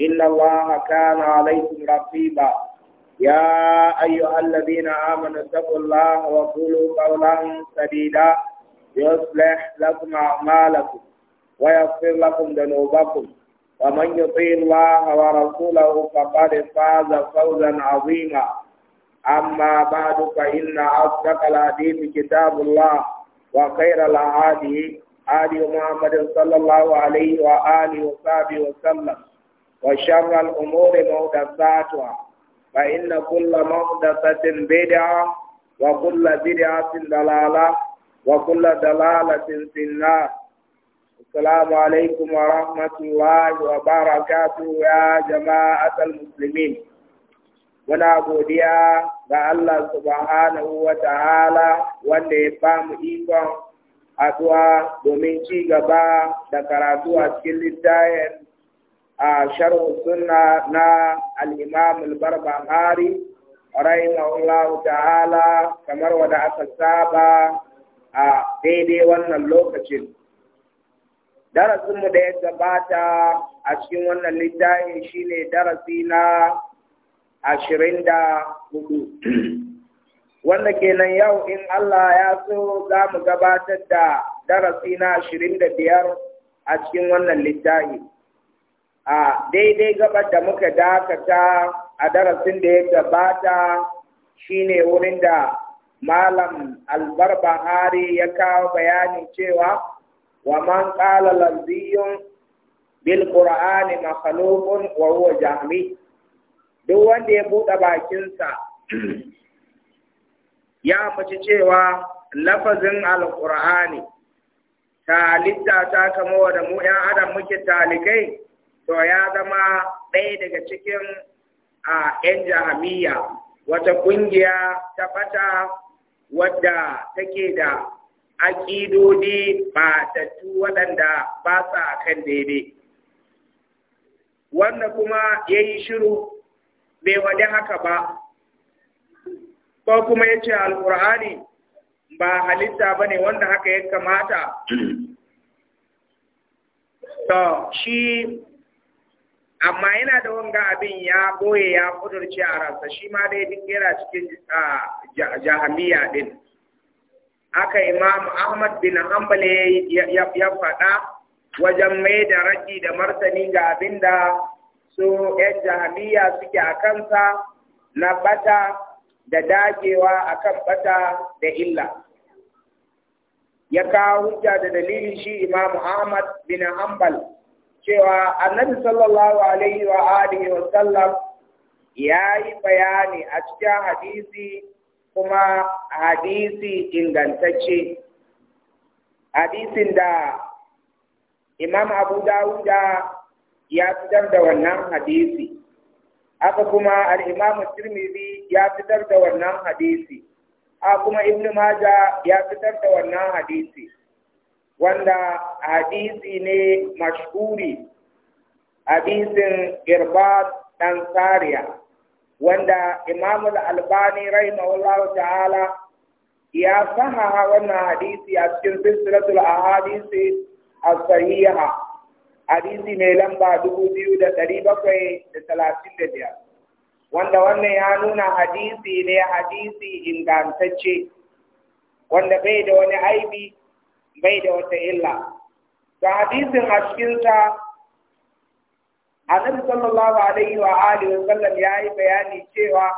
إن الله كان عليكم رقيبا يا أيها الذين آمنوا اتقوا الله وقولوا قولا سديدا يصلح لكم أعمالكم ويغفر لكم ذنوبكم ومن يطيع الله ورسوله فقد فاز فوزا عظيما أما بعد فإن أصدق الحديث كتاب الله وخير الهادي هادي محمد صلى الله عليه وآله وصحبه وسلم wa shara al'umuri ma wuda satuwa kula ma wuda satin bida wa kula bida sin dalala wa kula wa rahmatulahi wa ya jama'a asal musulmi muna godiya ga allah subhanahu wa ta'ala wanda ya ba mu ikon a domin ci gaba da karatu a cikin littayen a sharhu sunna na al-imam al-barbahari rahimahullahu ta'ala kamar wada aka saba a daidai wannan lokacin Darasin mu da ya gabata a cikin wannan littafin shine darasi na ashirin da hudu wanda kenan yau in Allah ya so za mu gabatar da darasi na ashirin da biyar a cikin wannan littafi a daidai gabar da muka dakata a darasin da ya gabata shine wurin da malam albarbahari ya kawo bayanin cewa wa man qala lafziyun bil qur'ani makhluqun wa huwa jahmi duk wanda ya buɗe bakinsa ya mace cewa lafazin alƙur'ani. ta ta kama wa da mu 'yan adam muke talikai to ya zama ɗaya daga cikin a ‘yan jahamiya wata ƙungiya ta fata wadda take da aƙidodi ba ɓatattu waɗanda ba sa kan daidai. Wanda kuma ya yi shiru bai wade haka ba, ko kuma ya ce alƙur'ani ba halitta ba ne wanda haka ya kamata. To, shi amma yana da wanga abin ya boye ya kudurce a rasa, shi ma dai duk yana cikin jahamiya din aka imam ahmad bin hanbal ya faɗa wajen mai da raki da martani ga abin da su yan jahamiya suke a kansa na bata da dagewa akan bata da illa ya kawo hujja da dalilin shi imam ahmad bin hanbal cewa annabi sallallahu alaihi wa alihi wa sallam ya yi bayani a cikin hadisi kuma hadisi ingantacce hadisin da imam abu dawuda ya fitar da wannan hadisi aka kuma al'imamu tirmidhi ya fitar da wannan hadisi a kuma ibn maja ya fitar da wannan hadisi wanda hadisi ne mashhuri hadisin irbat dan sariya wanda imam al-albani rahimahullahu ta'ala ya sahaha wannan hadisi a cikin silsilatul ahadisi as-sahiha hadisi mai lamba dubu biyu da ɗari bakwai da talatin da biyar wanda wannan ya nuna hadisi ne hadisi ingantacce wanda bai da wani aibi bai da wata illa ga hadisin a annabi sallallahu alaihi wa alihi wa sallam ya yi bayani cewa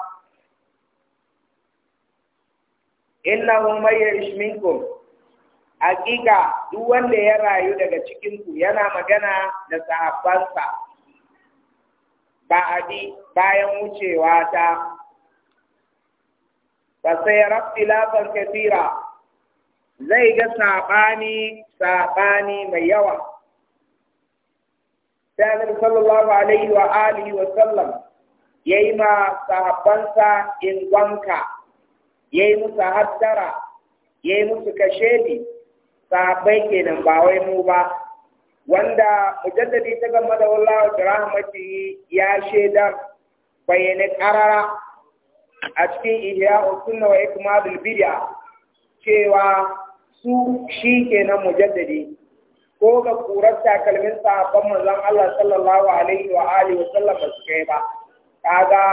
innahu may yarish minkum duk wanda ya rayu daga cikin ku yana magana da sahabbansa adi bayan wucewa ta fa sayara tilafan kathira zai ga saɓani saɓani mai yawa sai sallallahu alaihi wa alihi wa sallam yayi ma sahabbansa in wanka yayi musu haddara yayi musu kashe ni, sahabbai kenan ba wai mu ba wanda mujaddadi ta gama da wallahu rahmati ya shaida bayyana karara a cikin ihya sunna wa ikmadul bid'a cewa su shi kenan mujaddadi ko ga kurar kalmin sahabban manzon Allah sallallahu alaihi wa alihi wa sallam ba su kai ba kaga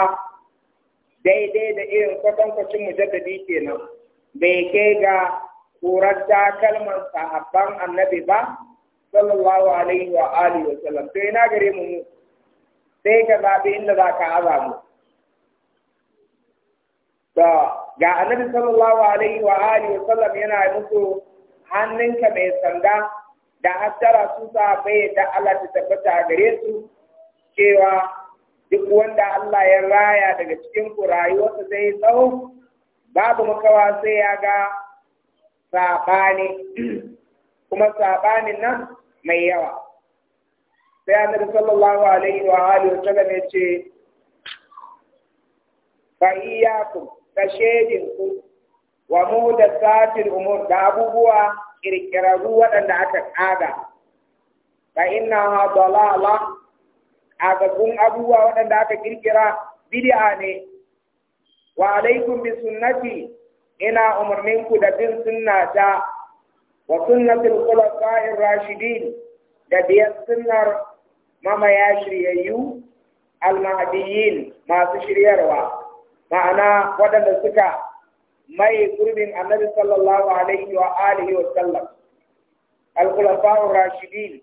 daidai da irin kwatankwacin mujaddadi kenan bai kai ga kurar takalman sahabban annabi ba sallallahu alaihi wa alihi wa sallam to ina gare mu sai ka zabi inda za ka aza mu da ga annabi sallallahu alaihi wa alihi wa sallam yana musu hannunka mai sanda da hasara su sa bai da Allah ta tabbata gare su cewa duk wanda Allah ya raya daga cikin ku rayuwarsa zai tsawo babu makawa sai ya ga saɓani kuma sabanin nan mai yawa sai annabi sallallahu alaihi wa alihi wa sallam ya ce fa iyyakum da ku wa mu da satin umur da abubuwa ƙirƙirarru waɗanda aka ƙaga fa inna ha dalala agagun abubuwa waɗanda aka ƙirƙira bid'a ne wa alaikum bi sunnati ina umarninku da bin sunnata wa sunnatul khulafa'ir rashidin da biyan sunnar mamaya shiryayyu al-mahdiyyin masu shiryarwa ma'ana waɗanda suka mai gurbin annabi sallallahu alaihi wa alihi wa sallam al-khulafa'ur rashidin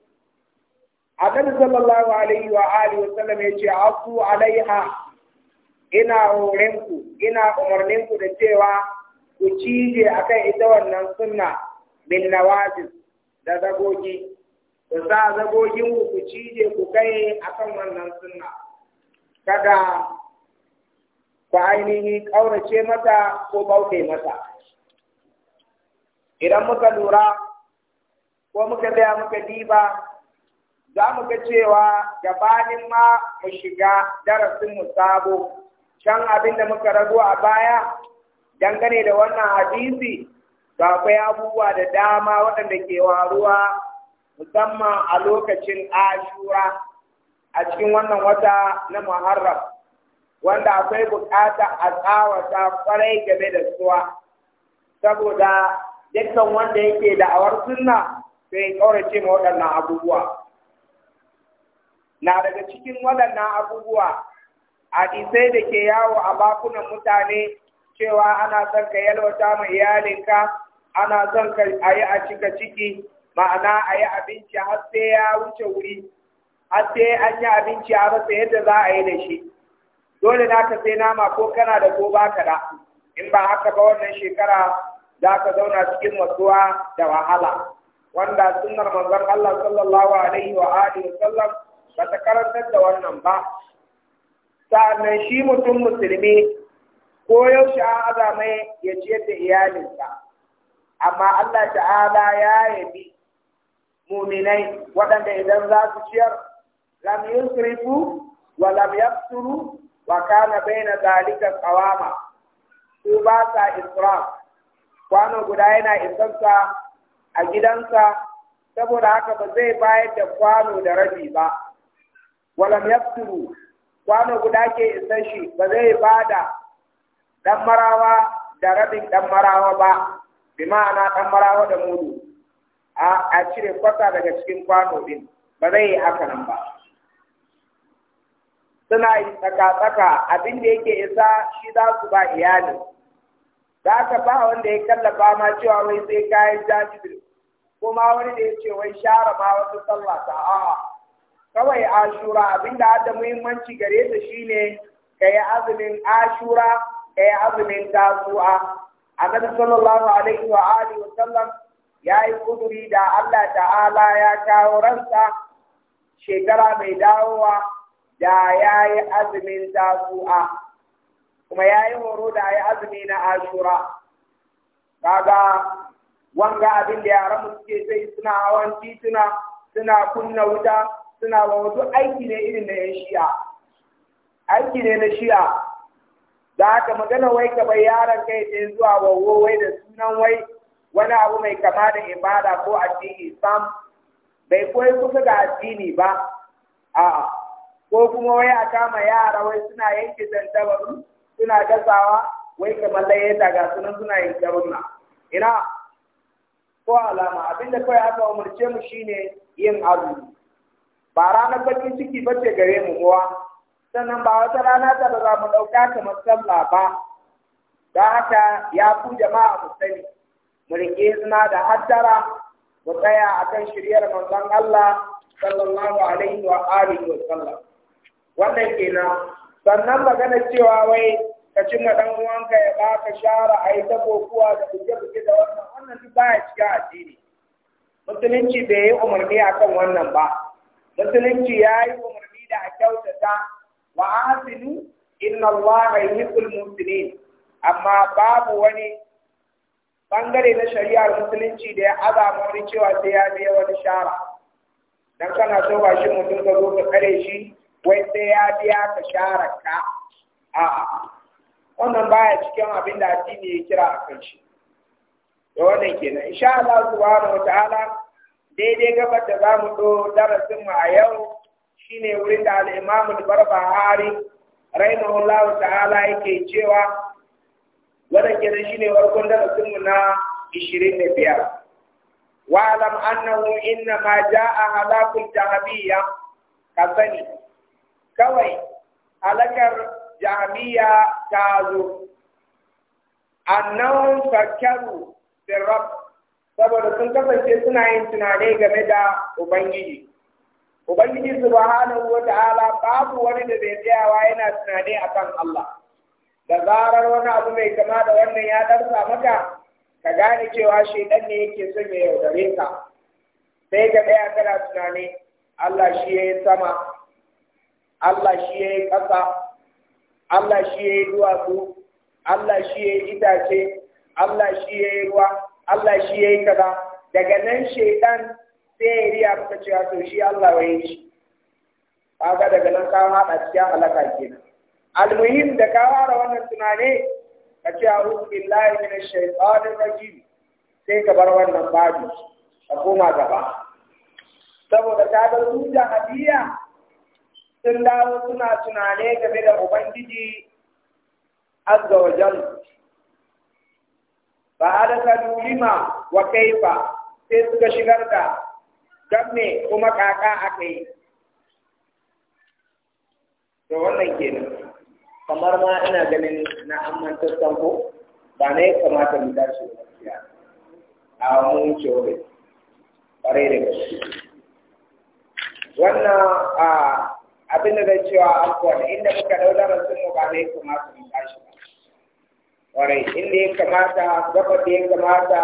annabi sallallahu alaihi wa alihi wa sallam ce afu alaiha ina horinku ina umarninku da cewa ku cije akan ita wannan sunna min nawajis da zagogi ku sa zagogin ku cije ku kai akan wannan sunna kada ta ainihi ƙaurace mata ko bauke mata idan muka lura ko muka tsaya muka diba za mu ga cewa gabanin ma mu shiga darasin mu sabo can abin da muka ragu a baya dangane da wannan hadisi ba akwai abubuwa da dama waɗanda ke waruwa musamman a lokacin ashura a cikin wannan wata na muharram wanda akwai bukata a tsawata kwarai game da suwa saboda dukkan wanda yake da'awar sunna sai kaurace ma waɗannan abubuwa na daga cikin waɗannan abubuwa hadisai da ke yawo a bakunan mutane cewa ana son ka yalwata ma iyalinka ana son ka a yi a cika ciki ma'ana a yi abinci har sai ya wuce wuri har sai an yi abinci a rasa yadda za a yi da shi dole na ka sai nama ko kana da ko baka da in ba haka ba wannan shekara za ka zauna cikin matsuwa da wahala wanda sunnar manzon Allah sallallahu alaihi wa alihi sallam ba ta karantar da wannan ba sa'annan shi mutum musulmi ko yaushe an aza ya ciyar da iyalinsa amma Allah ta'ala ya yabi muminai waɗanda idan za su ciyar lam yusrifu wa lam wa kana baina zalika qawama su ba sa israf kwano guda yana isansa a gidansa saboda haka ba zai bayar da kwano da rabi ba walam yafturu kwano guda ke isan shi ba zai bada dan marawa da rabin dan marawa ba bi ma'ana dan marawa da mudu a cire kwata daga cikin kwano din ba zai yi haka nan ba suna yi tsaka-tsaka abinda da yake isa shi za su ba iyali za ka ba wanda ya kallafa ma cewa wai sai kayan jajibir kuma wani da ya ce wai share ma wasu sallah ta a'a kawai ashura abin da da muhimmanci gare ta ne ka yi azumin ashura ka yi azumin tasu'a nan sallallahu alaihi wa alihi wa sallam ya yi kuduri da Allah ta'ala ya kawo ransa shekara mai dawowa da ya yi azumin tasu'a kuma ya yi horo da ya azumi na ashura kaga wanga abin da yaran mu suke sai suna hawan tituna suna kunna wuta suna ba wasu aiki ne irin na yan shi'a aiki ne na shi'a da ka magana wai ka bai yaran kai ɗin zuwa wawo wai da sunan wai wani abu mai kama da ibada ko addini sam bai koyi kusa ga addini ba a'a ko kuma wai a kama yara wai suna yanke dantabaru suna gasawa wai kamar laye daga sunan suna yin jarunna ina ko alama abinda kawai aka umarce mu shine yin abu ba ranar bakin ciki ba ce gare mu kuwa sannan ba wata rana ta ba za mu ɗauka kamar sallah ba da haka ya ku jama'a mu sani mu rike suna da haddara mu tsaya akan shiryar manzon Allah sallallahu alaihi wa alihi wa sallam wannan kenan sannan magana cewa wai ka cin ma dan uwanka ya baka shara ai ta kokuwa da kuke kuke da wannan wannan duk baya cikin addini musulunci bai yi umarni a kan wannan ba musulunci ya yi umarni da a kyautata wa asinu inna allaha yuhibbul muhsinin amma babu wani bangare na shari'ar musulunci da ya azama wani cewa sai ya biya wani shara dan kana so ba shi mutum ka zo ka kare shi wai sai ya biya ka share ka a'a wannan baya cikin abin da addini ya kira a kan shi da wannan kenan insha Allah subhanahu wataala daidai gabar da zamu do darasin mu a yau shine wurin da al-Imam al-Barbahari rahimahullahu ta'ala yake cewa wannan kenan shine farkon darasin mu na 25 wa'lam annahu inna ma jaa halakul jahabiyya kasani kawai alakar jami'a ta zo annan fakkaru sirrab saboda sun kasance suna yin tunani game da ubangiji ubangiji subhanahu wa ta'ala babu wani da zai tsayawa yana tunani akan Allah da zarar wani abu mai kama da wannan ya darsa maka ka gane cewa shaidan ne yake son ya yaudare ka sai ka tsaya kana tunani Allah shi ya yi sama Allah shi ya yi ƙasa, Allah shi ya yi duwatsu, Allah shi ya yi itace, Allah shi ya yi ruwa, Allah shi ya yi kaza. Daga nan shaitan sai ya riya suka cewa to shi Allah ya yi shi. Kaga daga nan ka haɗa cikin halaka nan. Almuhim da ka fara wannan tunani ka ce a hudu billahi min shaitanir rajim sai ka bar wannan babu ka koma gaba. Saboda ta ga da hadiya sun dawo suna tunane game da Ubangiji azza wa jal. Ba da sanu lima wa kaifa sai suka shigar da don me kuma kaka aka yi. To wannan kenan. Kamar ma ina ganin na amman tassan ko ba na kamata mu dace gaskiya. A mun ce bare Ƙwarai da Wannan a abin da zai cewa afuwan inda muka daular sun mu ba ne kamata mu tashi ba warai inda ya kamata gaba da ya kamata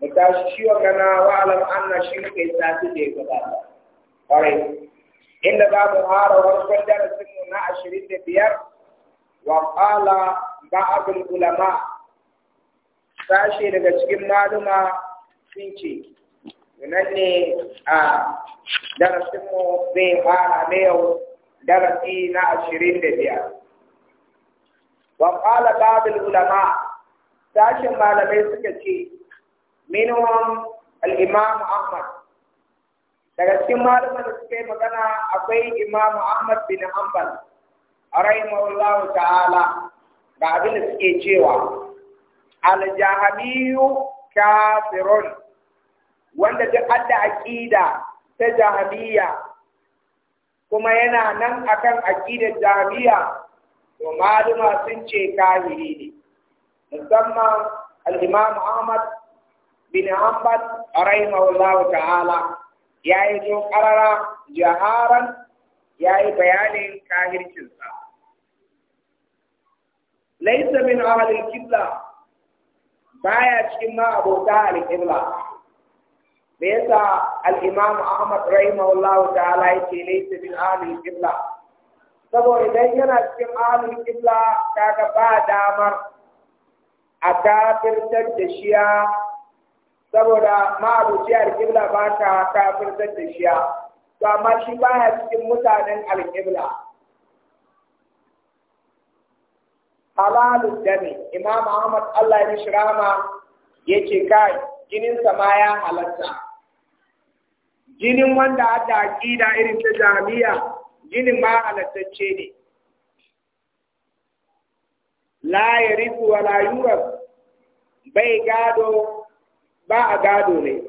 mu tashi shi wa kana wa alam anna shi muka yi tashi da ya gaba warai inda za mu fara warkon darasin mu na ashirin da biyar wa qala ba'dul ulama sashe daga cikin maluma sun ce nan ne a darasinmu zai fara na yau darasi na ashirin da biyar. Wa ƙala ulama, sashen malamai suka ce, minuwan al'imamu Ahmad. Daga cikin malaman da suka yi magana akwai Imam Ahmad bin Hanbal, a rahimahullahu ta'ala, da abin da suke cewa, Aljahamiyu kafiron. wanda duk adda aƙida ta jahamiya kuma yana nan akan aƙidar jahamiya to maluma sun ce kahiri ne musamman al-imam Ahmad bin Hanbal rahimahullahu ta'ala yayi jin karara jaharan yayi bayanin kahircinsa laysa min ahli al-qibla baya cikin ma abota al-qibla ليس الإمام أحمد رحمه الله تعالى ليس من آل القبلة سبو إذا كان من آل القبلة كان بعد أمر أكافر تجشيا سبو دا ما أبو شير قبلة باكا أكافر تجشيا فما شباه من متعدن على القبلة حلال الدم إمام أحمد الله يشرامه يتكاي جنين سمايا حلال jinin wanda ada aƙida irin ta jami'a jinin ma halattacce ne la rifu wa la bai gado ba a gado ne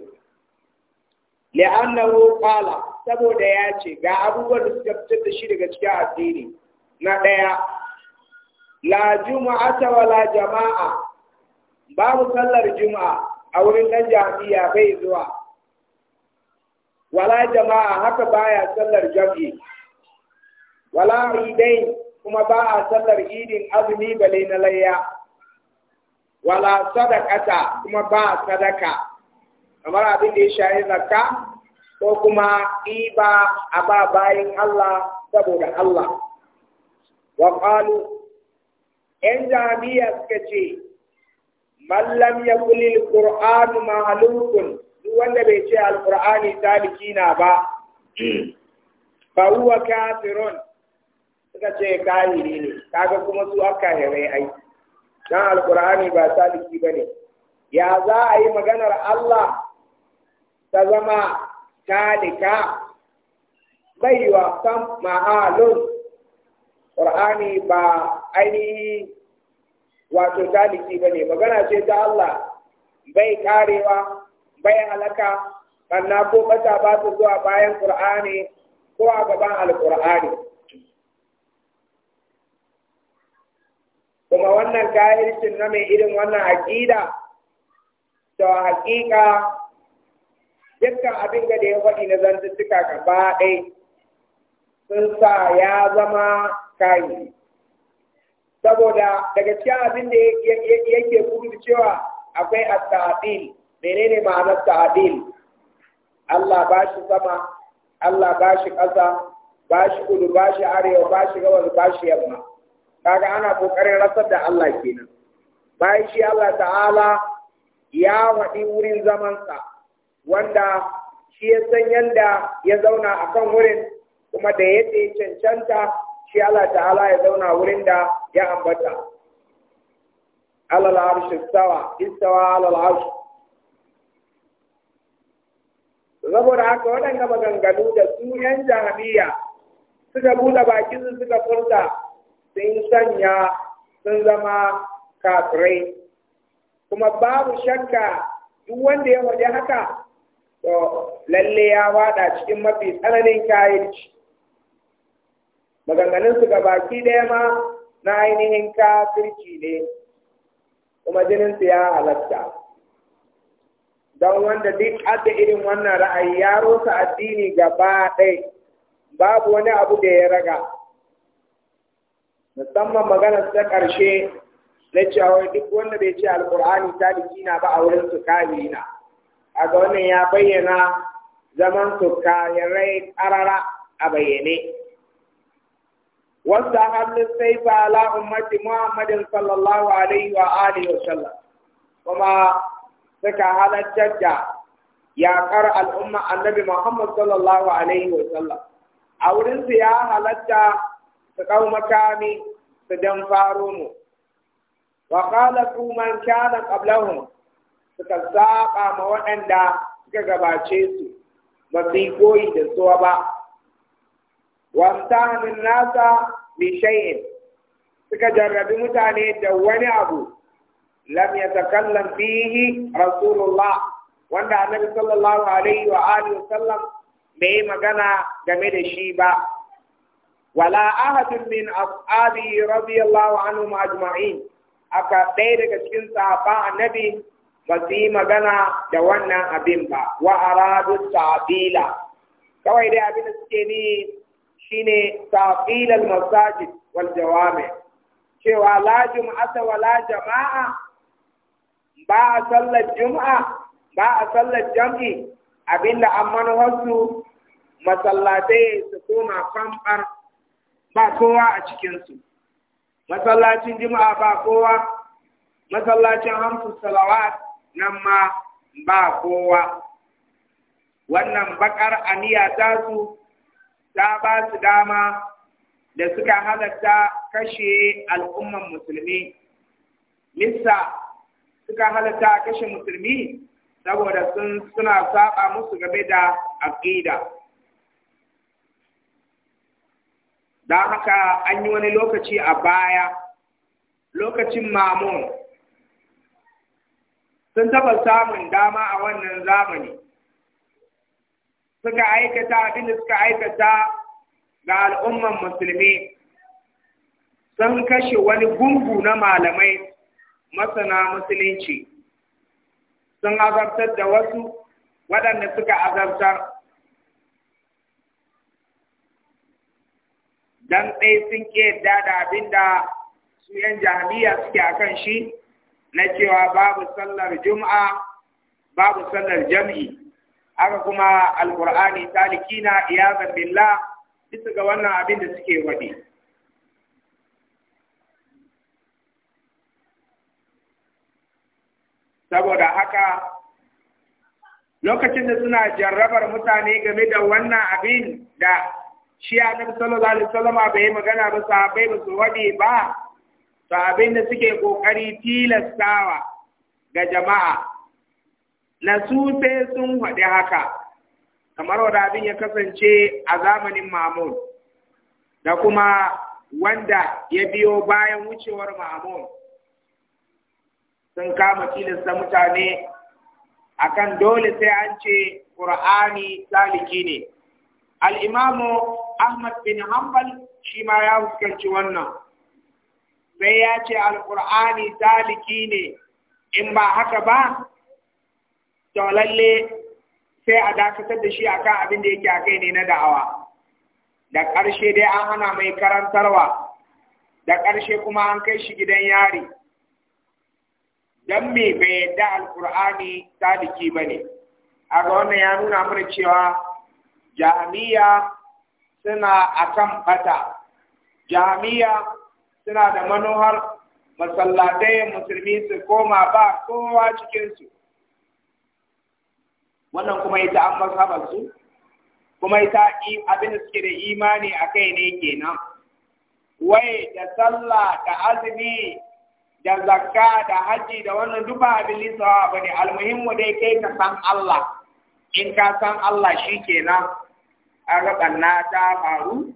li'annahu qala saboda ya ce ga abubuwan da suka fitar da shi daga cikin addini na ɗaya la juma'ata wa la jama'a babu sallar juma'a a wurin ɗan jami'a bai zuwa wala jama'a haka baya sallar jam'i wala idai kuma ba a sallar idin azumi bale na layya wala sadakata kuma ba sadaka kamar abin da ya shahi zaka ko kuma iba a ba bayan Allah saboda Allah wa qalu yan jami'a suka ce mallam ya yakul alquran mahlukun duk wanda bai ce Alƙur'ani saliki na ba fa huwa kafirun suka ce kahiri ne kaga kuma su aka hare ai dan Alƙur'ani ba saliki bane ya za a yi maganar Allah ta zama talika baiwa kam ma'alun qur'ani ba ainihi wato taliki bane magana ce ta Allah bai karewa bai halaka sannan ko bata ba su zuwa bayan qur'ani ko a gaban Alƙur'ani. kuma wannan kahircin na mai irin wannan aƙida to haƙiƙa dukkan abin da ya faɗi na zantuttuka gaba ɗaya sun sa ya zama kai. saboda daga cikin abin da yake gudu cewa akwai asabil menene ma'anar ta'adil Allah ba shi sama Allah ba shi ƙasa ba shi kudu ba shi arewa ba shi gabas ba shi yamma kaga ana kokarin rasar da Allah kenan bayan shi Allah ta'ala ya waɗi wurin zamansa wanda shi ya san yanda ya zauna a kan wurin kuma da yadda ya cancanta shi Allah ta'ala ya zauna wurin da ya ambata alal arshi istawa istawa alal arshi saboda haka waɗanda maganganu da su ‘yan jahabiya suka buɗe bakinsu suka furta sun sanya sun zama kafirai kuma babu shakka duk wanda ya waje haka to lalle ya wada cikin mafi tsananin kayanci maganganun su baki ɗaya ma na ainihin kafirci ne kuma jininsu ya halatta don wanda duk adda irin wannan ra'ayi ya rusa addini gaba ɗaya babu wani abu da ya raga musamman maganar ta ƙarshe na cewa duk wanda bai ce Alƙur'ani ta na ba a wurin su na a ga wannan ya bayyana zaman su kayarai ƙarara a bayyane wasu hannun sai ba ala muhammadin sallallahu alaihi wa alihi wa sallam kuma suka halartar da yaƙar al'umma annabi Muhammad sallallahu alaihi wa sallam a wurin ya halarta su ɗau makami su dan faro mu wa qala man kana qablahum suka zaɓa ma waɗanda suka gabace su ba su yi koyi da suwa ba wamtahanin nasa mai shay'in suka jarrabi mutane da wani abu lam yatakallam fihi rasulullah wanda annabi sallallahu alaihi wa alihi wasallam magana game da shi ba wala ahadun min ashabi radiyallahu anhum ajma'in aka ɗaya daga cikin sahabban annabi ba su yi magana da wannan abin ba wa aradu kawai dai abin da suke ni shine tabilal masajid wal jawami cewa la jum'ata wa la jama'a ba a sallar juma'a ba a sallar jam'i abinda an wasu masallatai su koma famfar ba kowa a cikinsu masallacin juma'a ba kowa masallacin hamsu salawat nan ma ba kowa wannan bakar aniya ta su ta ba su dama da suka halatta kashe al'umman musulmi. nisa suka halatta a kashe musulmi saboda sun suna saba musu game da aqida da haka an yi wani lokaci a baya lokacin mamun sun taba samun dama a wannan zamani suka aikata abinda suka aikata ga al'umman musulmi sun kashe wani gungu na malamai masana musulunci sun azabtar da wasu waɗanda suka azabtar dan ɗaya sun ƙi yadda da abin da su ‘yan jami'a suke a kan shi na cewa babu sallar juma'a babu sallar jam'i haka kuma alkur'ani talikina iyazan billah bisa ga wannan abin da suke waɗi. saboda haka lokacin da suna jarrabar mutane game da wannan abin da shi annabi sallallahu alaihi wasallam bai magana ba sahabbai ba su wade ba to abin da suke kokari tilastawa ga jama'a na su sai sun haɗe haka kamar wanda abin ya kasance a zamanin Mamun da kuma wanda ya biyo bayan wucewar Mamun sun kama tilasta mutane akan dole sai an ce ƙur'ani saliki ne al'imamu ahmad bin hanbal shi ma ya fuskanci wannan sai ya ce alƙur'ani saliki ne in ba haka ba to lalle sai a dakatar da shi akan abin da yake a kai ne na da'awa da ƙarshe dai an hana mai karantarwa da ƙarshe kuma an kai shi gidan yari dan me bai yadda alkur'ani sadiki ba ne a ga wannan ya nuna mana cewa jami'a suna a kan fata jami'a suna da manohar masallatai musulmi su koma ba kowa cikinsu wannan kuma ita an mazhabarsu kuma ita abin da suke da imani a kai ne kenan wai da sallah da azumi da zakka da haji da wannan duk abin lissawa ba ne almuhimmu dai kai ka san Allah in ka san Allah shi kenan a na ta faru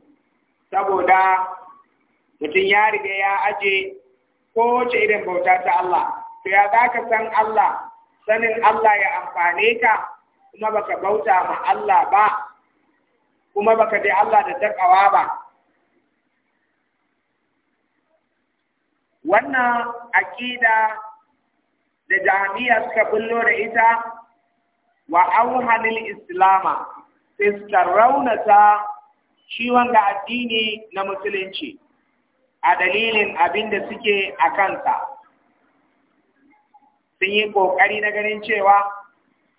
saboda mutum ya riga ya aje wace irin bauta ta Allah to ya za ka san Allah sanin Allah ya amfane ka kuma baka bauta ma Allah ba kuma baka dai Allah da takawa ba wannan aƙida da jami'a suka bullo da ita wa auhanil islama sai suka raunata shi wanga addini na musulunci a dalilin abin da suke a kansa sun yi ƙoƙari na ganin cewa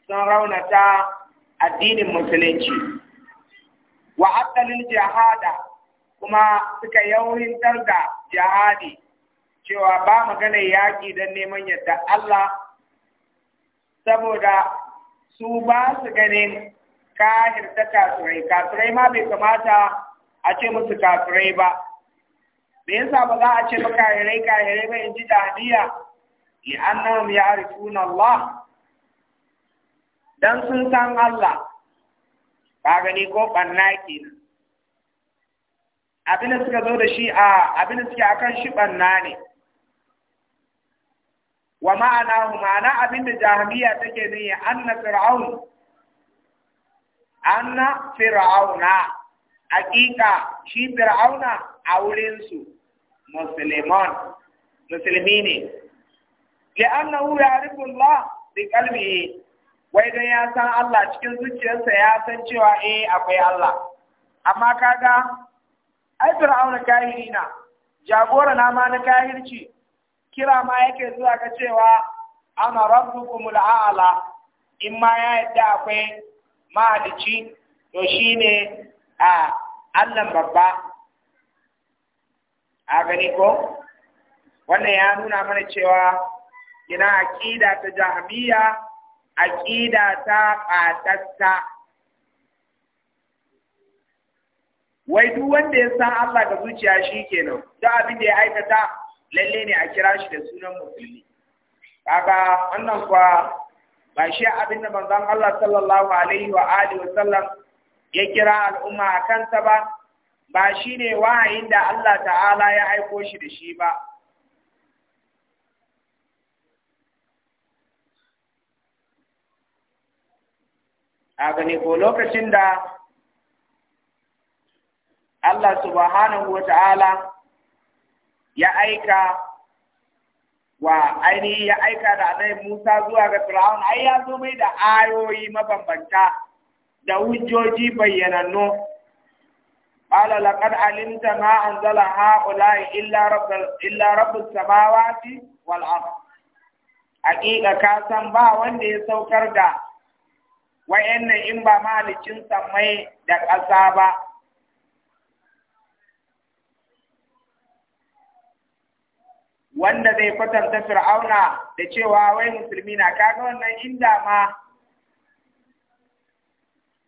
sun raunata addinin musulunci wa jihada kuma suka yawon da jihadi cewa ba magana yaƙi don neman yadda Allah saboda su ba su ganin kahir ta kasurai kasurai ma bai kamata a ce musu kasurai ba me yasa ba za a ce ba kahirai kahirai ba in ji dadiya li'annahum ya'rifuna Allah dan sun san Allah ka gani ko banna kenan abin da suka zo da shi a abin da suke akan shi banna ne wa ma'ana ma'ana abinda jahamiya take niyya anna fir'aun anna fir'auna hakika shi fir'auna a wurin su musulmi ne li'annahu ya'rifu Allah bi qalbihi wai dan ya san Allah cikin zuciyarsa ya san cewa eh akwai Allah amma kaga ai fir'auna kahirina jagora na ma na kahirci kira ma yake zuwa ga cewa ana rabbukumul a'la in ma ya yadda akwai mahalici to ne a Allah babba a gani ko wannan ya nuna mana cewa ina aqida ta jahmiya aqida ta qatatta wai duk wanda ya san Allah ga zuciya shi kenan duk abin da ya aikata lalle ne a kira shi da sunan musulmi kaga wannan kuwa ba shi abin da manzon Allah sallallahu alaihi wa alihi wa sallam ya kira al'umma a ta ba ba shi ne wahayin da Allah ta'ala ya aiko shi da shi ba a ne ko lokacin da Allah subhanahu wa ta'ala ya aika wa ainihi ya aika da annabi Musa zuwa ga Fir'aun ai ya zo mai da ayoyi mabambanta da hujjoji bayyanannu qala laqad alimta ma anzala haula illa rabb illa rabbus samawati wal ardh Hakika ka san ba wanda ya saukar da wayannan in ba malikin samai da ƙasa ba wanda zai kwatanta fir'auna da cewa wai musulmi na kaga wannan inda ma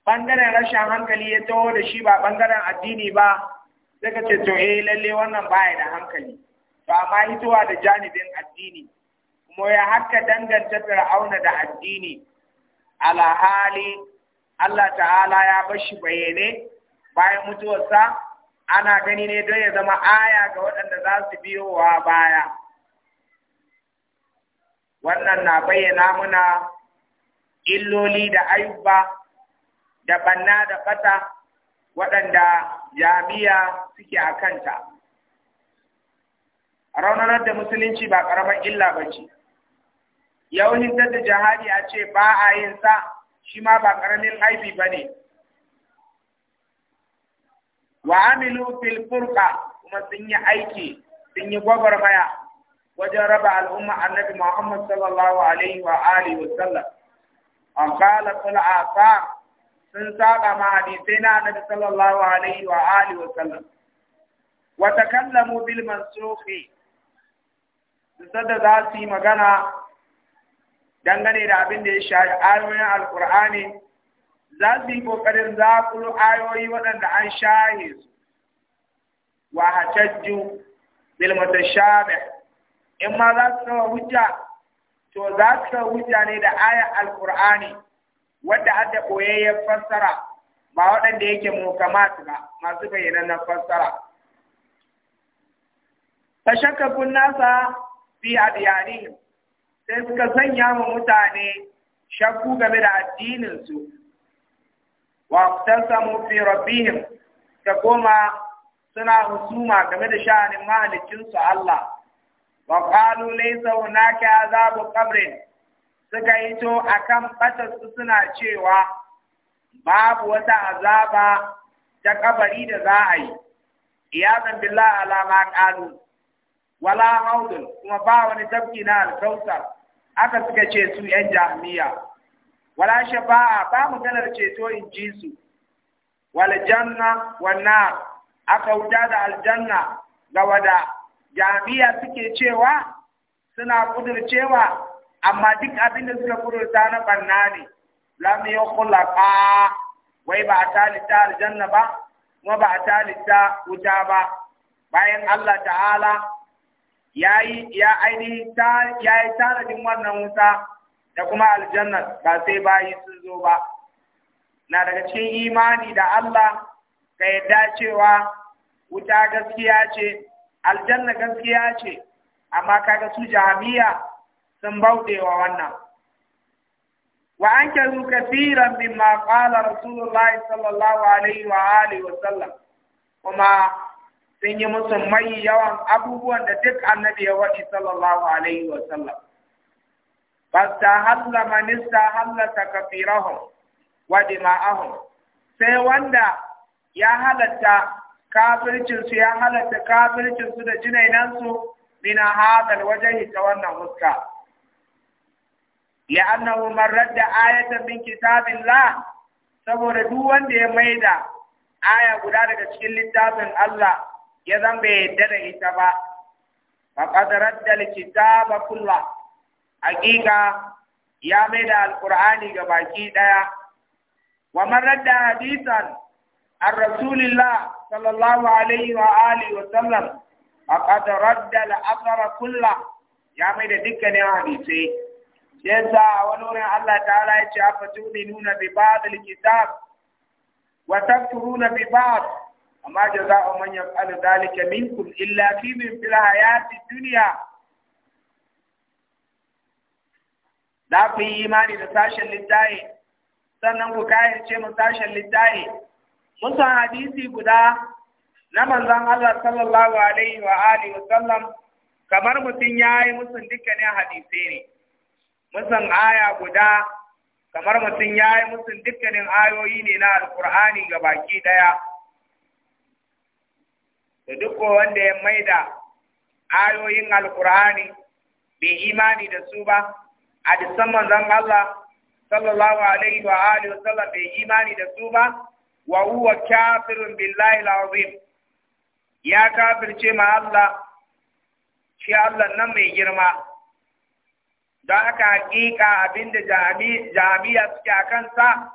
bangaren rashin hankali ya taho da shi ba bangaren addini ba suka ce to eh lalle wannan baya da hankali to amma hitowa da janibin addini kuma ya haka danganta fir'auna da addini ala hali Allah ta'ala ya bashi bayyane, bayan mutuwarsa ana gani ne don ya zama aya ga waɗanda za su biyo wa baya wannan na bayyana muna illoli da ayyuba da banna da fata waɗanda jami'a suke a kanta raunanar da musulunci ba ƙaramar illa ba ce yau hintar da jihadi a ce ba a yin sa shi ma ba ƙaramin aibi ba ne wa amilu kuma sun yi aiki sun yi gwagwarmaya wajen raba al'umma annabi Muhammad sallallahu alaihi wa alihi wa sun saba ma hadisai na annabi sallallahu alaihi wa alihi wa sallam wa za su yi magana dangane da abin da ya shafi ayoyin alqur'ani za su yi ƙoƙarin zaƙulu ayoyi waɗanda an shaye su wa hatajju bilmata shaɓe, in ma za su kawo hujja to za su kawo hujja ne da aya qurani wadda hadda ɓoyayyen fassara ba waɗanda yake mukamat ba masu na fassara fashakkakun nasa fi adiyanihim sai suka sanya mu mutane shakku game da addininsu wa mu fi rabbihim ta koma suna husuma game da sha'anin su Allah wa qalu laysa hunaka azabu qabrin suka to akan batarsu suna cewa babu wata azaba ta kabari da za a yi iyadan billah alama qalu wala haudun kuma ba wani tafki na alkausar aka suka ce su yan jahmiya wala shafa'a ba maganar ceto in ji su wal janna wan aka wuta da aljanna ga wada jami'a suke cewa suna kudurcewa amma duk abin da suka kudurta na banna ne lam yukhlaqa wai ba a talita aljanna ba kuma ba a talita wuta ba bayan Allah ta'ala yayi ya yi tanadin wannan wuta da kuma aljanna ba sai bayi sun zo ba na daga cikin imani da Allah ka yadda cewa wuta gaskiya ce aljanna gaskiya ce amma kaga su jahamiya sun bauɗe wa wannan wa an kazu kasiran mimma qala rasulullahi sallallahu alaihi wa alihi wa sallam kuma sun yi musu mai yawan abubuwan da duk annabi ya waɗi sallallahu alaihi wa sallam fastahalla man istahalla takfirahum wa sai wanda ya halatta kafircinsu ya halatta su da jinainansu min hadal wajhi ta wannan huska li'annahu man radda ayatan min kitabillah saboda duk wanda ya maida aya guda daga cikin littafin Allah ya zan bai yadda da ita ba faqad da al-kitaba kullahu hakika ya mai da alkur'ani ga baki ɗaya wa marar da hadisan an rasulillah sallallahu alaihi wa alihi wa sallam a ƙadarar da kulla ya mai da dukkanin hadisai yasa wani wurin Allah ta'ala ya ce afa nuna bi ba'd al-kitab wa takfuruna bi ba'd amma jaza'u man yaf'alu dhalika minkum illa fi min fil hayati dunya za ku yi imani da sashen littaye sannan ku ce mu sashen littaye san hadisi guda na manzon Allah sallallahu alaihi wa alihi wa sallam kamar mutum ya yi musun dukkanin hadisi ne san aya guda kamar mutum ya yi musun dukkanin ayoyi ne na alkur'ani ga baki daya da duk wanda ya maida ayoyin alkur'ani bai imani da su ba saman zan Allah sallallahu alaihi wa alihi sallam bai imani da su ba wa huwa kafirun billahi alazim ya kafirce ma Allah shi Allah nan mai girma da aka hakika abinda jami'a suke a kansa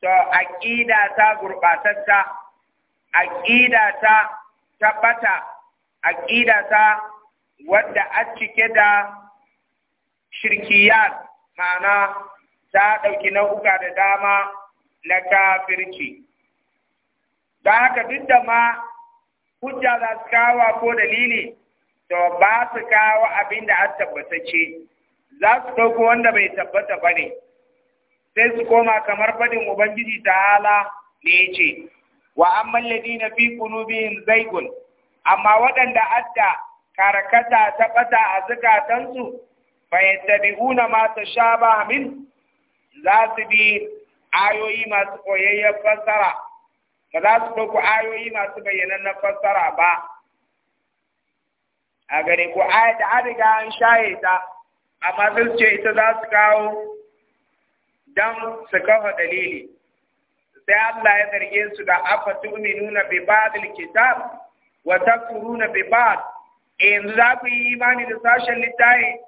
to aqida ta gurɓatatta aqida ta tabbata aqida ta wadda a cike da shirkiyat ma'ana ta ɗauki nau'uka da dama na kafirci da haka duk da ma hujja za su kawo ko dalili to ba su kawo abin da an tabbatace, za su ɗauko wanda bai tabbata ba ne sai su koma kamar faɗin ubangiji ta'ala ne ya ce wa amman ladina fi qulubihim zaygun amma waɗanda adda karakata ta ɓata a zukatansu fayattabi'una ma tashabaha amin za su bi ayoyi masu koyayyar fassara ba za su ɗauko ayoyi masu na fassara ba a gare ko ayat da an an shaye ta amma sun ce ita za su kawo don su kafa dalili sai Allah ya zarge su da afa tu'minuna bi ba'dil kitab wa takfuruna bi ba'd eh, yanzu za ku yi imani da sashen littafi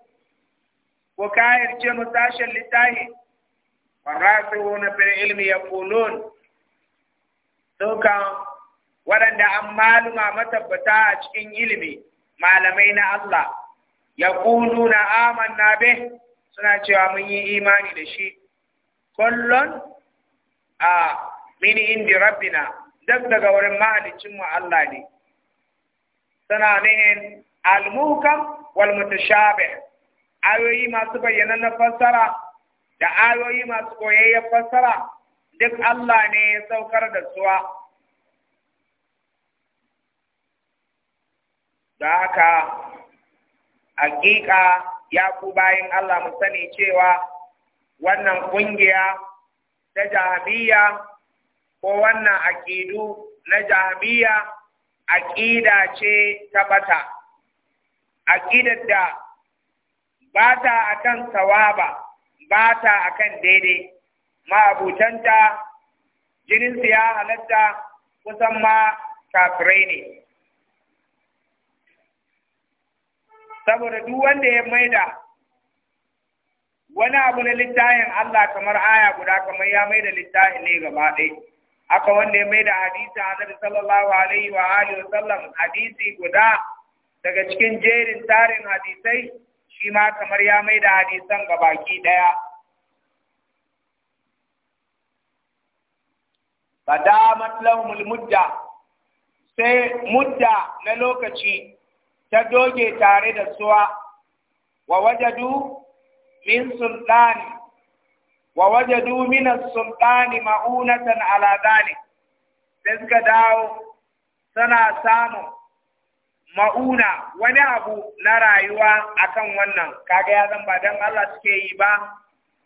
ko ka yarje mu sashen littahi warasihuna fil ilmi yaqulun dukan waɗanda an maluma matabbata a cikin ilimi malamai na Allah yaquluna amanna bih suna cewa mun yi imani da shi kullun a min indi rabbina duk daga wurin mahalicin mu Allah ne suna nihin al-muhkam wal mutashabih ayoyi masu bayyana na fassara da ayoyi masu koyayyen fassara duk Allah ne ya saukar da suwa da haka hakika ya ku bayan Allah mu sani cewa wannan ƙungiya ta jahabiya ko wannan aƙidu na jahabiya aƙida ce ta bata aƙidar da ba ta akan sawaba ba ta akan daidai ma'abutanta jininsu ya halatta kusan ma kafirai ne saboda duk wanda ya maida wani abu na littafin Allah kamar aya guda kamar ya maida littafin ne gaba ɗaya haka wanda ya maida hadisi annabi sallallahu alaihi wa alihi wa sallam hadisi guda daga cikin jerin tarin hadisai shi ma kamar ya mai da hadisan ga baki ɗaya. Fadamat lahumul mudda sai mudda na lokaci ta doge tare da suwa wa wajadu min sultani wa wajadu min sultani ma'unatan ala sai suka dawo suna samun ma'una wani abu na rayuwa akan wannan kaga ya zan ba dan Allah suke yi ba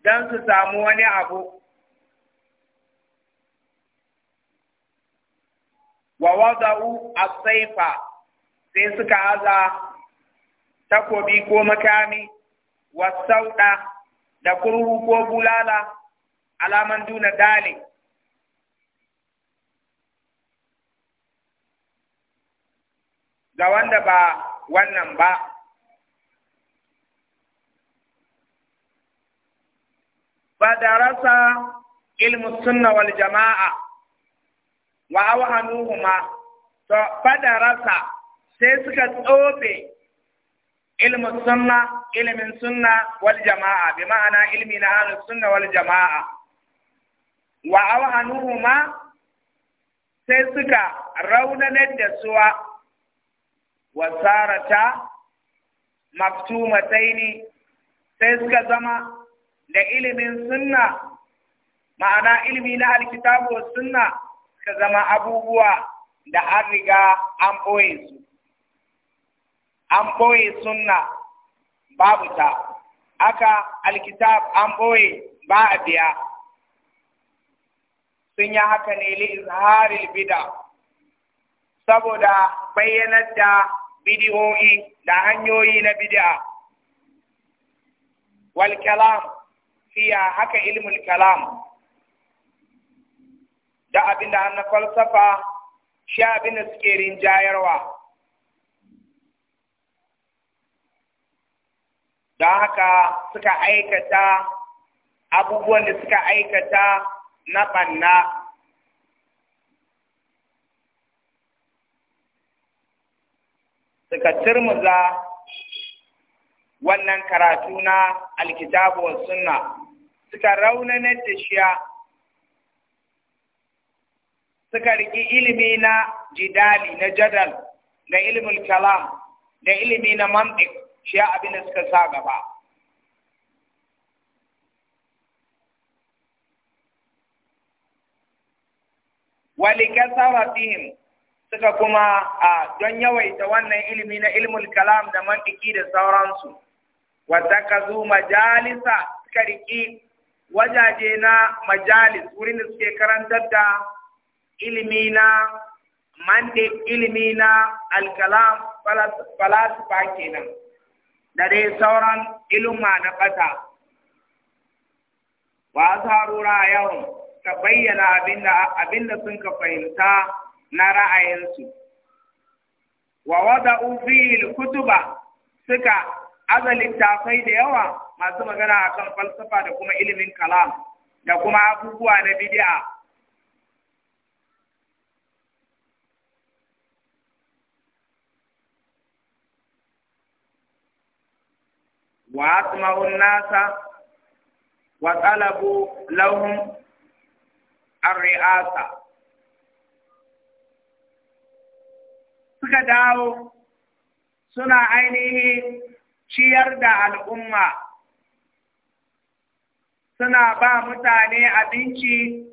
dan su samu wani abu wa wada'u as-sayfa sai suka haza takobi ko makami wasauɗa da kurhu ko bulala alaman duna dalik ga wanda ba wannan ba fadarasa ilmu sunna wal jama'a wa awhanuhuma to fadarasa sai suka tsofe ilmu sunna ilmin sunna wal jama'a bi ma'ana ilmi na hannu sunna wal jama'a wa awhanuhuma sai suka raunanar da suwa wasarata ta taini sai suka zama da ilimin sunna ma'ana ilimi na alkitabu wa sunna suka zama abubuwa da an riga an ɓoye su an ɓoye sunna babu ta aka alkitab an ɓoye ba a biya sun yi haka ne li izharil bida saboda bayyanar da bidiyoyi da hanyoyi na bid'a wal kalam fiya haka ilmul kalam da abin da na falsafa shi abin da suke rinjayarwa da haka suka aikata abubuwan da suka aikata na banna suka turmuza wannan karatu na alkitabu wa sunna suka raunanar da shiya suka riki ilimi na jidali na jadal da ilimin kalam da ilimi na mamdik shiya abin da suka sa gaba wali kasara fihim suka kuma a don yawaita wannan ilimi na ilmul kalam da mantiki da sauransu wata ka zo majalisa suka riƙi wajaje na majalis wurin da suke karantar da ilimi na mande ilimi na alkalam falasifa kenan da dai sauran ilma na ƙasa wa zaru ra'ayahum ka bayyana abinda abinda sun ka fahimta na ra'ayinsu wa wada'u fihi kutuba suka aza tafai da yawa masu magana akan falsafa da kuma ilimin kalam da kuma abubuwa na bidi'a? wa asma'un nasa wa talabu lahum ar-ri'asa suka dawo suna ainihin ciyar da al'umma suna ba mutane abinci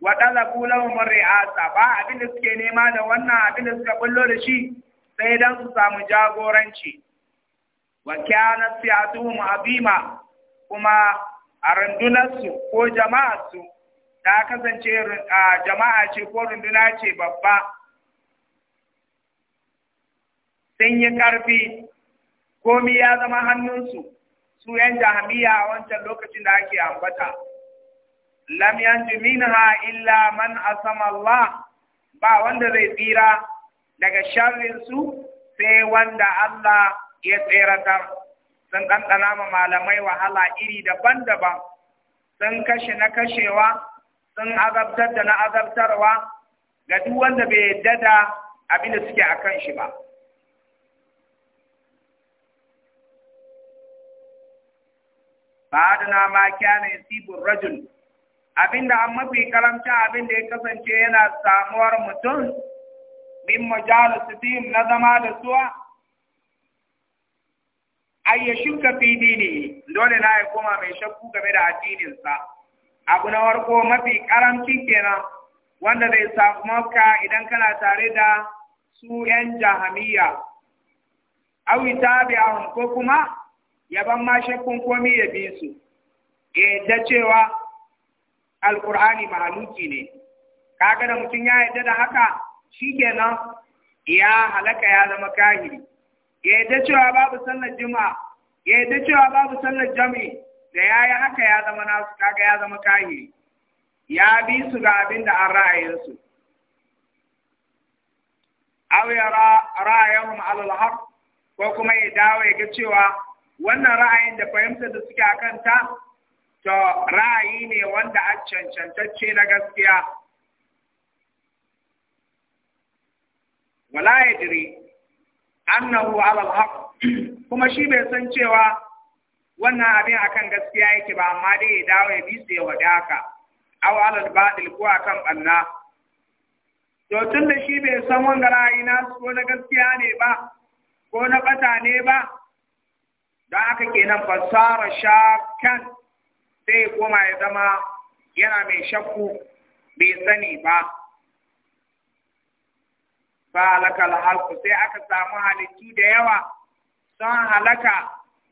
wa ɗalabu lahumar ri'asa ba abin da suke nema da wannan abin da suka bullo da shi sai don su samu jagoranci wa kyana siyatuhum kuma a rundunarsu ko jama'arsu ta kasance jama'a ce ko runduna ce babba sun ƙarfi komi ya zama hannunsu su yan jahamiya a wancan lokacin da ake ambata lam yanji minha illa man asama Allah ba wanda zai tsira daga sharrin su sai wanda Allah ya tsirata sun ɗanɗana ma malamai wahala iri daban-daban sun kashe na kashewa sun azabtar da na azabtarwa ga duk wanda bai yadda da abin da suke akan shi ba fa adana ma kana yasibu rajul abinda an mafi abin da ya kasance yana samuwar mutum min majalisatihim na zama da suwa ai ya shuka fi dini dole na ya koma mai shakku game da addininsa abu na warko mafi karamci kenan wanda zai samu maka idan kana tare da su yan jahamiya awi tabi'ahum ko kuma ya ban ma komi ya bi su ya yadda cewa alkur'ani mahaluki ne kaga da mutum ya yadda da haka Shi kenan ya halaka ya zama kahiri ya yadda cewa babu sallar juma'a ya yadda cewa babu sallar jami'i da yi haka ya zama nasu kaga ya zama kahiri ya bi su ga abin da an ra'ayinsu aw ya ra'ayahum ko kuma ya dawo ya ga cewa wannan ra'ayin da fahimtar da suke a kanta to ra'ayi ne wanda a cancantacce na gaskiya wala ya dire annahu alal haq kuma shi bai san cewa wannan abin akan gaskiya yake ba amma dai ya dawo ya bi su ya wadaka aw alal batil ko akan banna to tun da shi bai san wanga ra'ayi na ko na gaskiya ne ba ko na bata ne ba da aka kenan fasara shakan sai koma ya zama yana mai shakku bai sani ba Ba halakal halku sai aka samu halittu da yawa sun halaka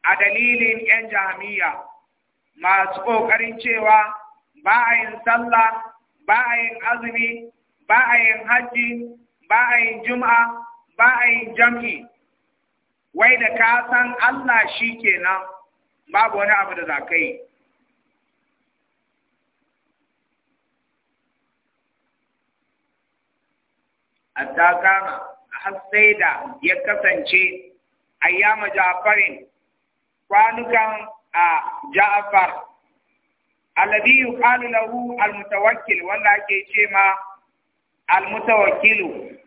a dalilin yan jami'a. masu ƙoƙarin cewa ba a yin sallah ba a yin azumi ba a yin hajji ba a yin juma'a ba a yin jam'i wai da ka san Allah shi kenan babu wani abu da za ka yi har sai da ya kasance ayyama ja'farin kwanukan a ja'far alladhi yuqalu lahu almutawakkil wanda ake ce ma almutawakkilu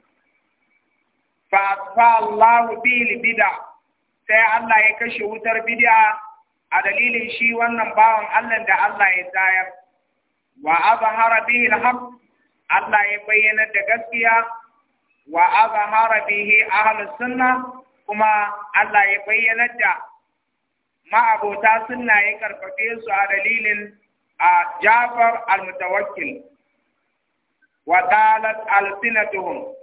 fa Allahu bil bid'a sai Allah ya kashe wutar bid'a a dalilin shi wannan bawan Allah da Allah ya tayar wa azhara bihi al Allah ya bayyana da gaskiya wa azhara bihi ahlus sunna kuma Allah ya bayyana da ma'abota sunna ya karfafe su a dalilin a Jafar al-Mutawakkil wa talat al-sinatuhum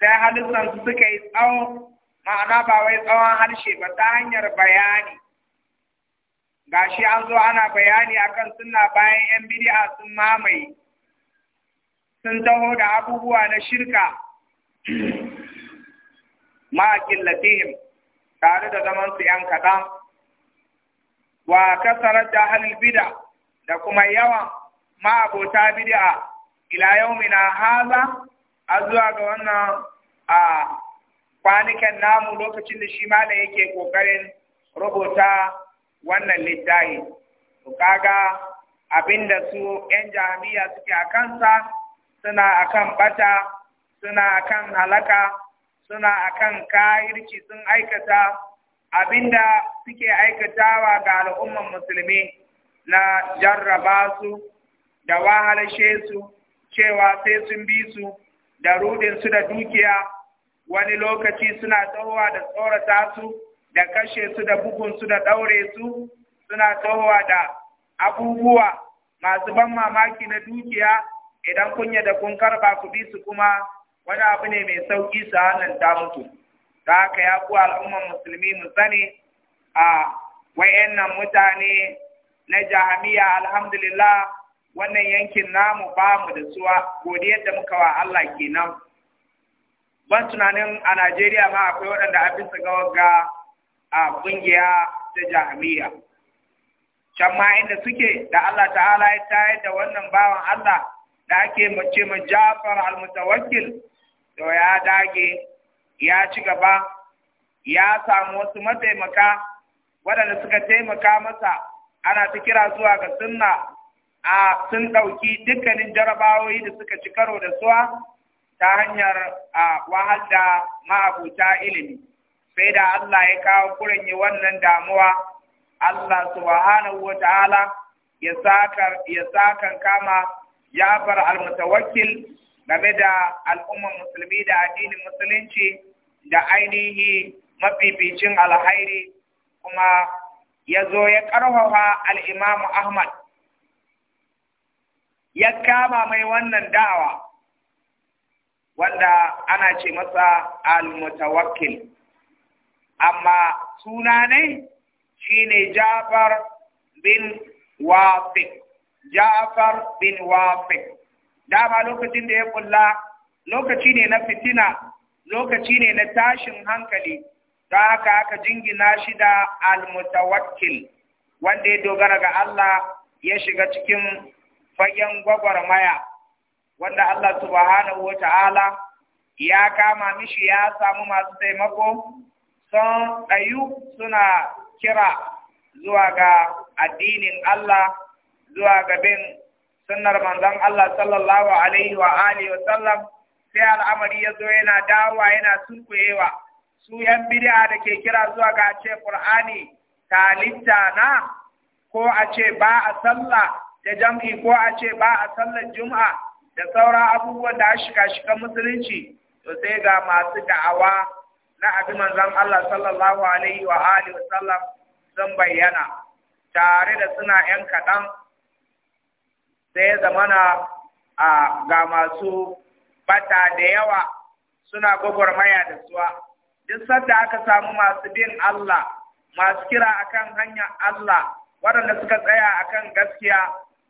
sai hadisan su suka yi tsawon, ma'ana ba wai tsawon harshe ba ta hanyar bayani gashi an zo ana bayani akan suna bayan yan bidi'a sun mamaye sun taho da abubuwa na shirka killatihim tare da zaman su ‘yan kaɗan, wa kasarar da halin bida da kuma yawan ma'abota bid'a ila yau mina haza a zuwa ga wannan a kwanikan namu lokacin da shi da yake kokarin rubuta wannan littafi to kaga abinda su yan jami'a suke a kansa suna kan ɓata, suna kan halaka suna kan kayirci sun aikata abinda suke aikatawa ga al'umman musulmi na jarraba su da wahalashe su cewa sai sun bi su da su da dukiya wani lokaci suna tsohuwa da tsorata su da kashe su da su da ɗaure su suna tsohuwa da abubuwa masu ban mamaki na dukiya idan kunya da kun karba ku bi su kuma wani abu ne mai sauƙi su hannun ta mutu ta haka ya ku al'umman musulmi mu sani a wayannan mutane na jahamiya alhamdulillah wannan yankin namu ba mu da suwa godiyar da muka wa Allah kenan ban tunanin a Najeriya ma akwai waɗanda a bisa ga wagga a ƙungiya ta jami'a. can ma inda suke da Allah ta'ala ya tayar da wannan bawan Allah da ake mace ma Jafar al-Mutawakkil to ya dage ya ci gaba ya samu wasu mataimaka waɗanda suka taimaka masa ana ta kira zuwa ga sunna a sun ɗauki dukkanin jarabawoyi da suka ci karo da suwa ta hanyar a wahal da ma'abuta ilimi sai da Allah ya kawo kuren yi wannan damuwa Allah subhanahu wa ta'ala ya sa kama ya bar almutawakkil game da al'umman musulmi da addinin musulunci da ainihi mafificin alhairi kuma ya zo ya ƙarfafa al'imamu Ahmad ya kama mai wannan da'awa wanda ana ce masa al-mutawakkil amma suna ne shine Jafar bin Wafiq Jafar bin Wafiq dama lokacin da ya kulla lokaci ne na fitina lokaci ne na tashin hankali don haka aka jingina shi da al-mutawakkil wanda ya dogara ga Allah ya shiga cikin fagen maya wanda Allah subhanahu wa ta'ala ya kama mishi ya samu masu taimako son ɗayu suna kira zuwa ga addinin Allah zuwa ga bin sunnar manzon Allah sallallahu alaihi wa alihi wa sallam sai al'amari ya zo yana dawa yana sunkuyewa su yan bid'a da ke kira zuwa ga ce Kur'ani talitta na ko a ce ba a sallah da jam'i ko a ce ba a sallar juma'a da sauran abubuwan da shiga shika musulunci to sai ga masu da'awa na abi manzon Allah sallallahu alaihi wa alihi wa sallam sun bayyana tare da suna yan kaɗan sai zamana a ga masu bata da yawa suna gwagwarmaya da suwa duk sadda aka samu masu bin Allah masu kira akan hanyar Allah waɗanda suka tsaya akan gaskiya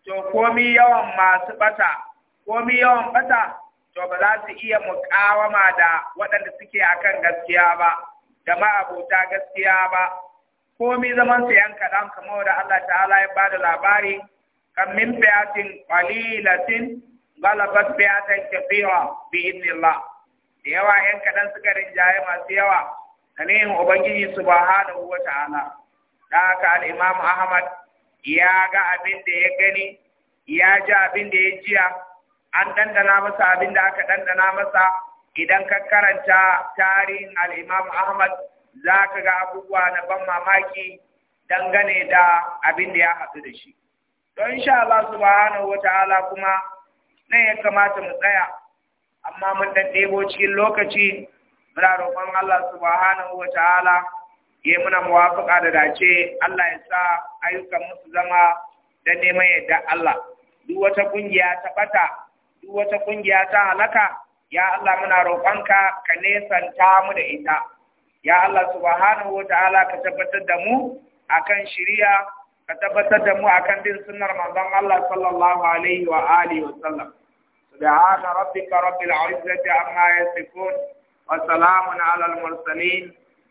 to komi yawan masu bata komi yawan bata to ba za su iya mukawama da waɗanda suke akan gaskiya ba da abota gaskiya ba komi zaman su yan kaɗan kamar da Allah ta'ala ya bada labari kan min fiyatin qalilatin galabat fiyatan kathira bi idnillah da yawa yan kaɗan suka rinjaye masu yawa da ne ubangiji subhanahu wa ta'ala da haka al-imam Ahmad ya ga abin da ya gani ya ji abin da ya jiya an dandana masa abin da aka dandana masa idan ka karanta tarihin al'imam ahmad za ka ga abubuwa na ban mamaki dangane da abin da ya haɗu da shi don sha Allah subhanahu wa ta'ala kuma nan ya kamata mu tsaya amma mun dan cikin lokaci muna roƙon Allah subhanahu wa ta'ala ya muna muwafaƙa da dace Allah ya sa ayyukan musu zama da neman yadda Allah duk wata kungiya ta ɓata, duk wata kungiya ta halaka ya Allah muna roƙonka ka nesanta mu da ita ya Allah subhanahu ta'ala ka tabbatar da mu akan shiriya ka tabbatar da mu akan bin sunnar manzon Allah sallallahu alaihi wa alihi wa sallam subhana rabbika rabbil izzati amma yasifun wa salamun alal mursalin